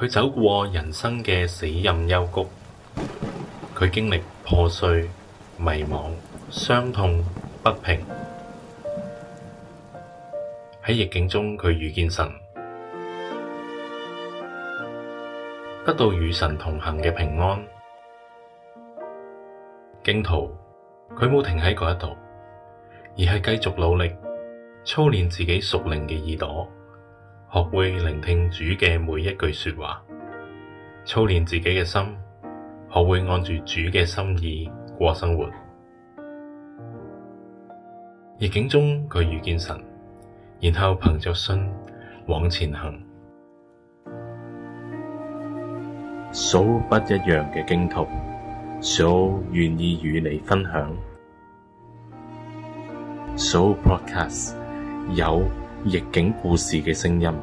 佢走過人生嘅死蔭幽谷，佢經歷破碎、迷茫、傷痛、不平。喺逆境中，佢遇見神，得到與神同行嘅平安。荊徒，佢冇停喺嗰一度，而係繼續努力操練自己屬靈嘅耳朵。學會聆聽主嘅每一句說話，操練自己嘅心，學會按住主嘅心意過生活。逆境中佢遇見神，然後憑着信往前行。數不一樣嘅經途，數願意與你分享。數 podcast 有。逆境故事嘅聲音，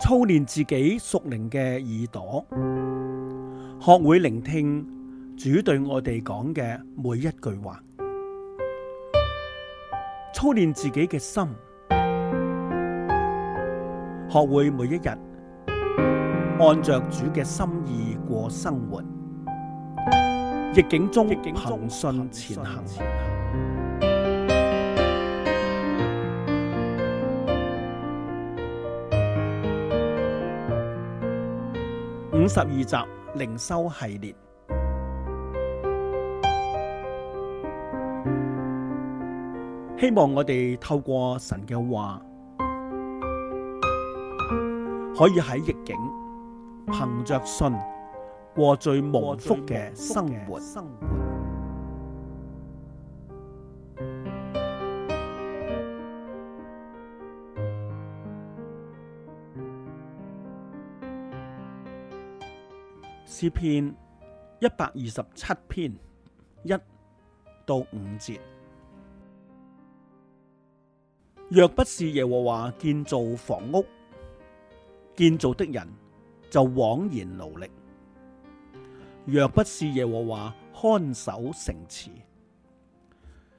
操練自己屬靈嘅耳朵，學會聆聽主對我哋講嘅每一句話。操練自己嘅心，學會每一日按着主嘅心意過生活。逆境中，憑信前行。五十二集靈修系列，希望我哋透過神嘅話，可以喺逆境，憑着信。過最蒙福嘅生活。詩篇一百二十七篇一到五節，若不是耶和華建造房屋，建造的人就枉然勞力。若不是耶和華看守城池，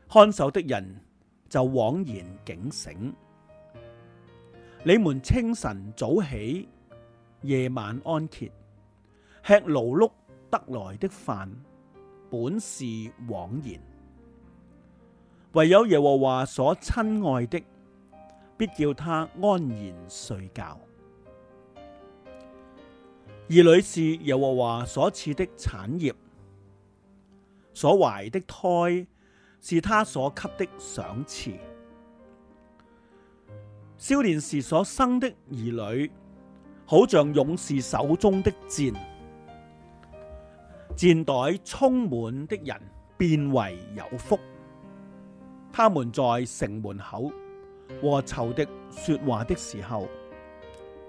看守的人就枉然警醒。你們清晨早起，夜晚安歇，吃勞碌得來的飯，本是枉然。唯有耶和華所親愛的，必叫他安然睡覺。兒女是耶和華所賜的產業，所懷的胎是他所給的賞賜。少年時所生的兒女，好像勇士手中的箭，箭袋充滿的人變為有福。他們在城門口和仇敵說話的時候。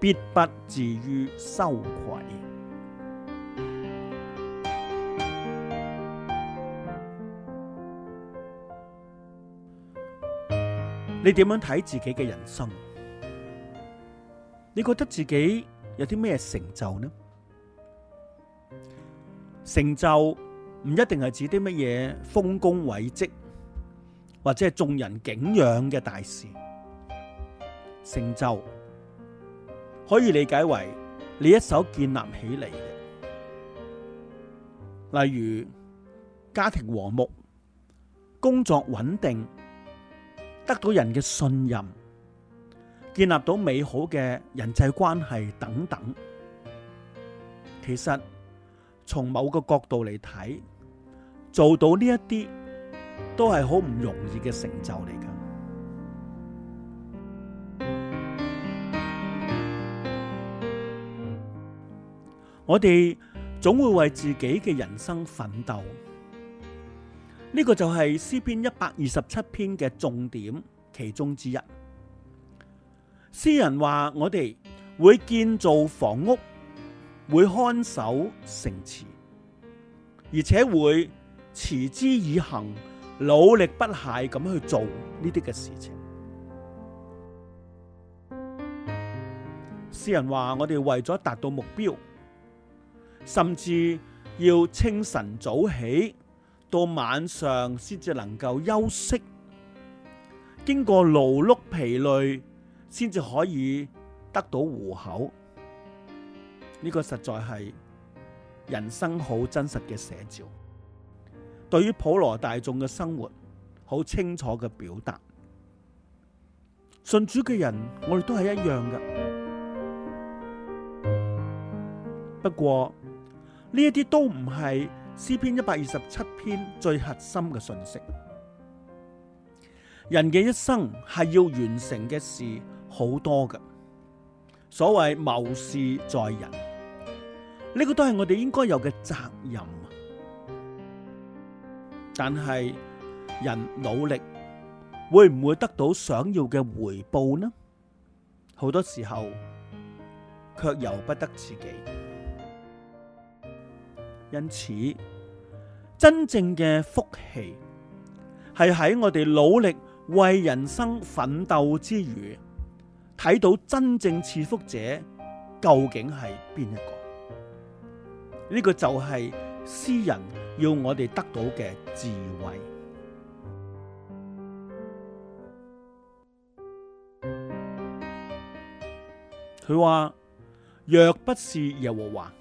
必不至於羞愧。你點樣睇自己嘅人生？你覺得自己有啲咩成就呢？成就唔一定係指啲乜嘢豐功偉績，或者係眾人景仰嘅大事。成就。可以理解為你一手建立起嚟嘅，例如家庭和睦、工作穩定、得到人嘅信任、建立到美好嘅人際關係等等。其實從某個角度嚟睇，做到呢一啲都係好唔容易嘅成就嚟嘅。我哋總會為自己嘅人生奮鬥，呢個就係詩篇一百二十七篇嘅重點其中之一。詩人話：我哋會建造房屋，會看守城池，而且會持之以恆，努力不懈咁去做呢啲嘅事情。詩人話：我哋為咗達到目標。甚至要清晨早起到晚上，先至能夠休息，經過勞碌疲累，先至可以得到糊口。呢個實在係人生好真實嘅寫照，對於普羅大眾嘅生活好清楚嘅表達。信主嘅人，我哋都係一樣嘅。不過，呢一啲都唔係詩篇一百二十七篇最核心嘅信息。人嘅一生係要完成嘅事好多㗎，所謂謀事在人，呢個都係我哋應該有嘅責任。但係人努力會唔會得到想要嘅回報呢？好多時候卻由不得自己。因此，真正嘅福氣係喺我哋努力為人生奮鬥之餘，睇到真正賜福者究竟係邊一個，呢、呢個就係詩人要我哋得到嘅智慧。佢話：若不是耶和華，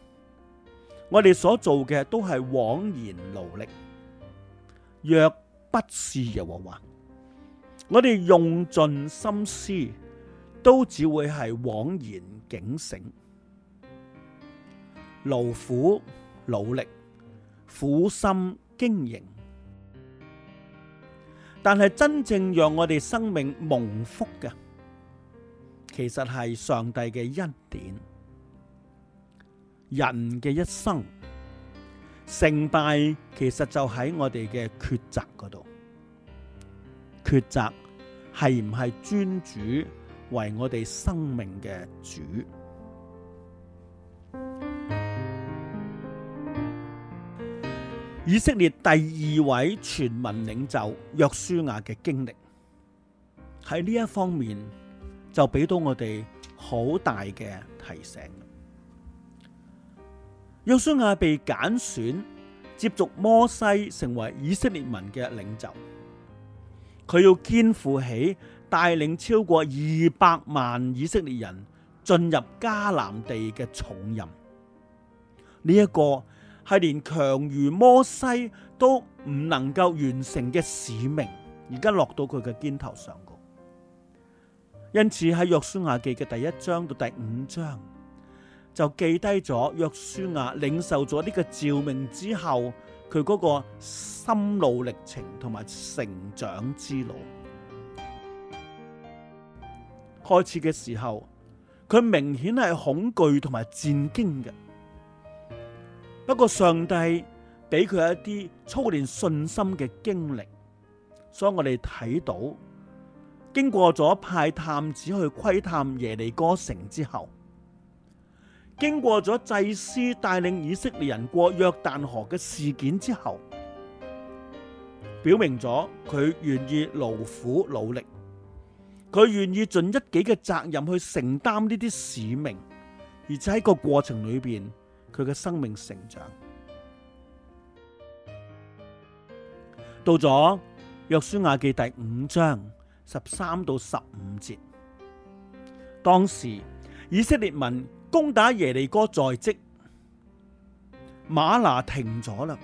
我哋所做嘅都係枉然勞力，若不是耶和華，我哋用盡心思都只會係枉然警醒、勞苦努力、苦心經營，但係真正讓我哋生命蒙福嘅，其實係上帝嘅恩典。人嘅一生，成敗其實就喺我哋嘅抉擇嗰度。抉擇係唔係尊主為我哋生命嘅主？以色列第二位全民領袖約書亞嘅經歷，喺呢一方面就俾到我哋好大嘅提醒。約書亞被揀選，接續摩西，成為以色列民嘅領袖，佢要肩負起帶領超過二百萬以色列人進入迦南地嘅重任。呢、這、一個係連強如摩西都唔能夠完成嘅使命，而家落到佢嘅肩頭上個。因此喺約書亞記嘅第一章到第五章。就記低咗約書亞領受咗呢個召命之後，佢嗰個心路歷程同埋成長之路。開始嘅時候，佢明顯係恐懼同埋戰驚嘅。不過上帝畀佢一啲操練信心嘅經歷，所以我哋睇到經過咗派探子去窺探耶利哥城之後。經過咗祭司帶領以色列人過約旦河嘅事件之後，表明咗佢願意勞苦努力，佢願意盡一己嘅責任去承擔呢啲使命，而且喺個過程裏面，佢嘅生命成長。到咗約書亞記第五章十三到十五節，當時以色列民。攻打耶利哥在即，嗎哪停咗啦。呢、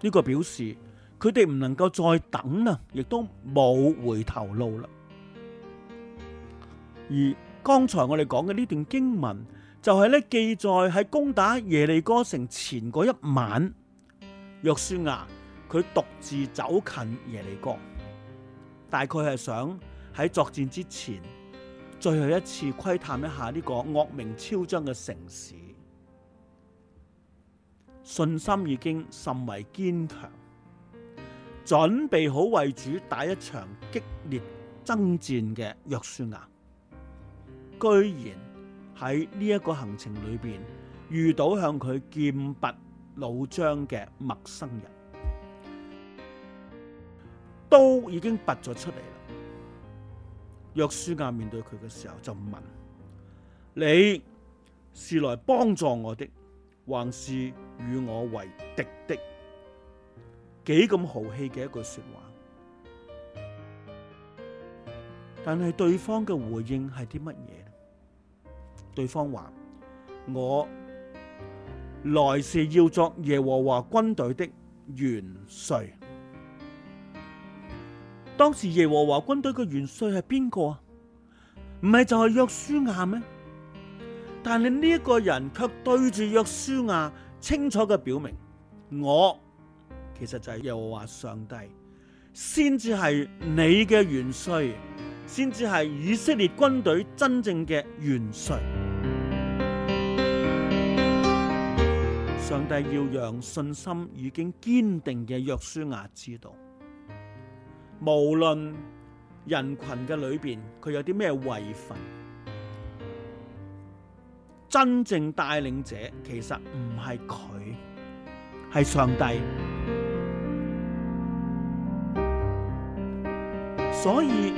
這個表示佢哋唔能夠再等啦，亦都冇回頭路啦。而剛才我哋講嘅呢段經文，就係咧記載喺攻打耶利哥城前嗰一晚，約書亞佢獨自走近耶利哥，大概係想喺作戰之前。最後一次窺探一下呢個惡名昭彰嘅城市，信心已經甚為堅強，準備好為主打一場激烈爭戰嘅約書亞，居然喺呢一個行程裏邊遇到向佢劍拔弩張嘅陌生人，都已經拔咗出嚟約書亞面對佢嘅時候就問：你是來幫助我的，還是與我為敵的？幾咁豪氣嘅一句說話，但係對方嘅回應係啲乜嘢？對方話：我來是要作耶和華軍隊的元帥。當時耶和華軍隊嘅元帥係邊個啊？唔係就係約書亞咩？但係呢一個人卻對住約書亞清楚嘅表明，我其實就係耶和華上帝，先至係你嘅元帥，先至係以色列軍隊真正嘅元帥。上帝要讓信心已經堅定嘅約書亞知道。無論人群嘅裏邊，佢有啲咩位份，真正帶領者其實唔係佢，係上帝。所以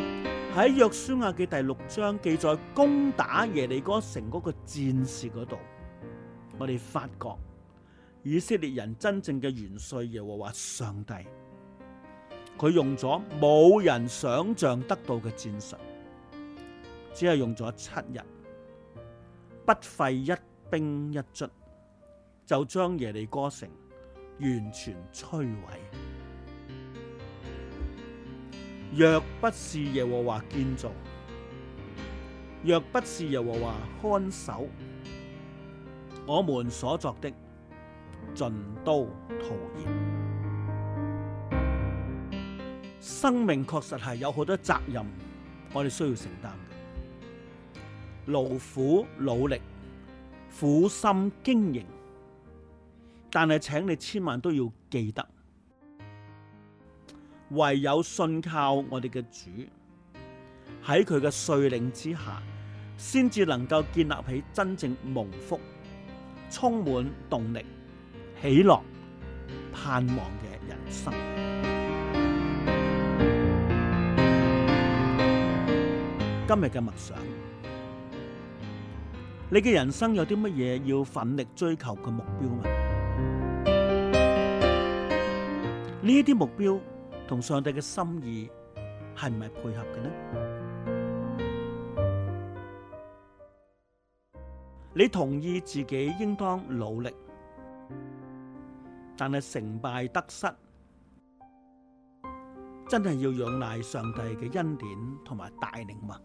喺約書亞記第六章記載攻打耶利哥城嗰個戰士嗰度，我哋發覺以色列人真正嘅元帥耶和華上帝。佢用咗冇人想象得到嘅戰術，只係用咗七日，不費一兵一卒，就將耶利哥城完全摧毀。若不是耶和華建造，若不是耶和華看守，我們所作的盡都徒然。生命確實係有好多責任，我哋需要承擔嘅，勞苦努力、苦心經營，但係請你千萬都要記得，唯有信靠我哋嘅主，喺佢嘅率領之下，先至能夠建立起真正蒙福、充滿動力、喜樂、盼望嘅人生。今日嘅默想，你嘅人生有啲乜嘢要奮力追求嘅目標？呢啲目標同上帝嘅心意係唔係配合嘅呢？你同意自己應當努力，但係成敗得失？真係要仰賴上帝嘅恩典同埋帶領吧。